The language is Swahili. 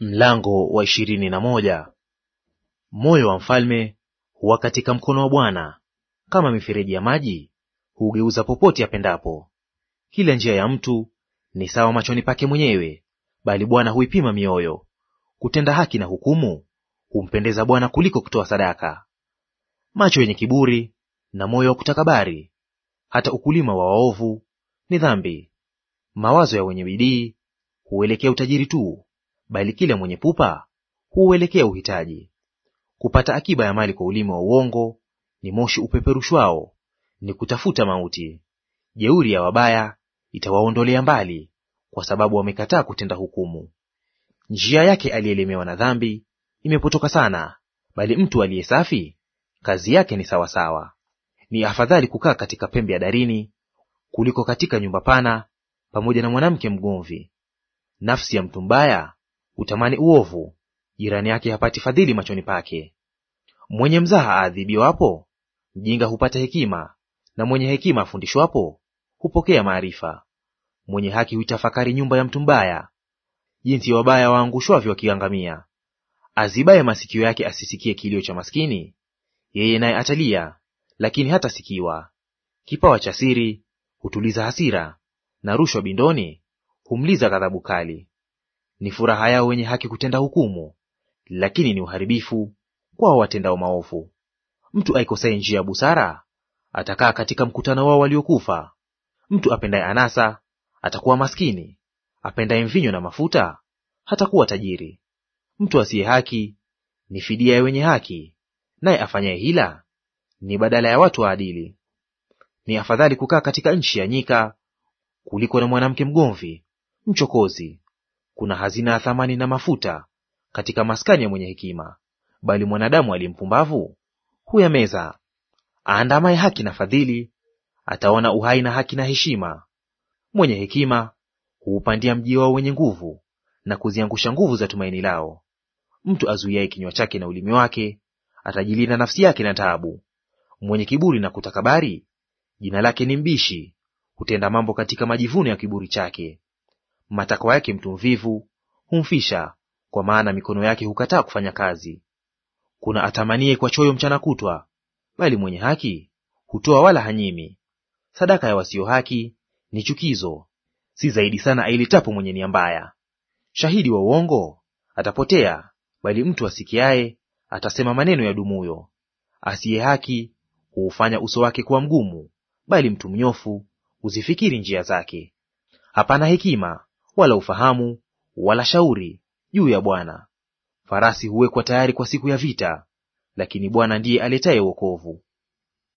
Mlango wa ishirini na moja. Moyo wa mfalme huwa katika mkono wa Bwana, kama mifereji ya maji hugeuza popote apendapo. Kila njia ya mtu ni sawa machoni pake mwenyewe, bali Bwana huipima mioyo. Kutenda haki na hukumu humpendeza Bwana kuliko kutoa sadaka. Macho yenye kiburi na moyo wa kutakabari, hata ukulima wa waovu ni dhambi. Mawazo ya wenye bidii huelekea utajiri tu bali kila mwenye pupa huuelekea uhitaji. Kupata akiba ya mali kwa ulimi wa uongo ni moshi upeperushwao, ni kutafuta mauti. Jeuri ya wabaya itawaondolea mbali, kwa sababu wamekataa kutenda hukumu. Njia yake aliyelemewa na dhambi imepotoka sana, bali mtu aliye safi kazi yake ni sawasawa. Ni afadhali kukaa katika pembe ya darini kuliko katika nyumba pana pamoja na mwanamke mgomvi. Nafsi ya mtu mbaya Utamani uovu, jirani yake hapati fadhili machoni pake. Mwenye mzaha aadhibiwapo, mjinga hupata hekima, na mwenye hekima afundishwapo, hupokea maarifa. Mwenye haki huitafakari nyumba ya mtu mbaya, jinsi wabaya waangushwavyo wakiangamia. Azibaye masikio yake asisikie kilio cha maskini, yeye naye atalia, lakini hatasikiwa. Kipawa cha siri hutuliza hasira, na rushwa bindoni humliza ghadhabu kali. Ni furaha yao wenye haki kutenda hukumu, lakini ni uharibifu kwao watendao maovu. Mtu aikosaye njia ya busara atakaa katika mkutano wao waliokufa. Mtu apendaye anasa atakuwa maskini, apendaye mvinyo na mafuta hatakuwa tajiri. Mtu asiye haki ni fidia ya wenye haki, naye afanyaye hila ni badala ya watu waadili. Ni afadhali kukaa katika nchi ya nyika kuliko na mwanamke mgomvi mchokozi, kuna hazina ya thamani na mafuta katika maskani ya mwenye hekima, bali mwanadamu aliyempumbavu huya huyameza. Aandamaye haki na fadhili ataona uhai na haki na heshima. Mwenye hekima huupandia mji wao wenye nguvu, na kuziangusha nguvu za tumaini lao. Mtu azuiaye kinywa chake na ulimi wake atajilinda nafsi yake na taabu. Mwenye kiburi na kutakabari, jina lake ni mbishi; hutenda mambo katika majivuno ya kiburi chake. Matakwa yake mtu mvivu humfisha, kwa maana mikono yake hukataa kufanya kazi. Kuna atamaniye kwa choyo mchana kutwa, bali mwenye haki hutoa wala hanyimi. Sadaka ya wasio haki ni chukizo, si zaidi sana ailitapo mwenye nia mbaya. Shahidi wa uongo atapotea, bali mtu asikiaye atasema maneno ya dumuyo. Asiye haki huufanya uso wake kuwa mgumu, bali mtu mnyofu huzifikiri njia zake. Hapana hekima wala ufahamu wala shauri juu ya Bwana. Farasi huwekwa tayari kwa siku ya vita, lakini Bwana ndiye aletaye wokovu.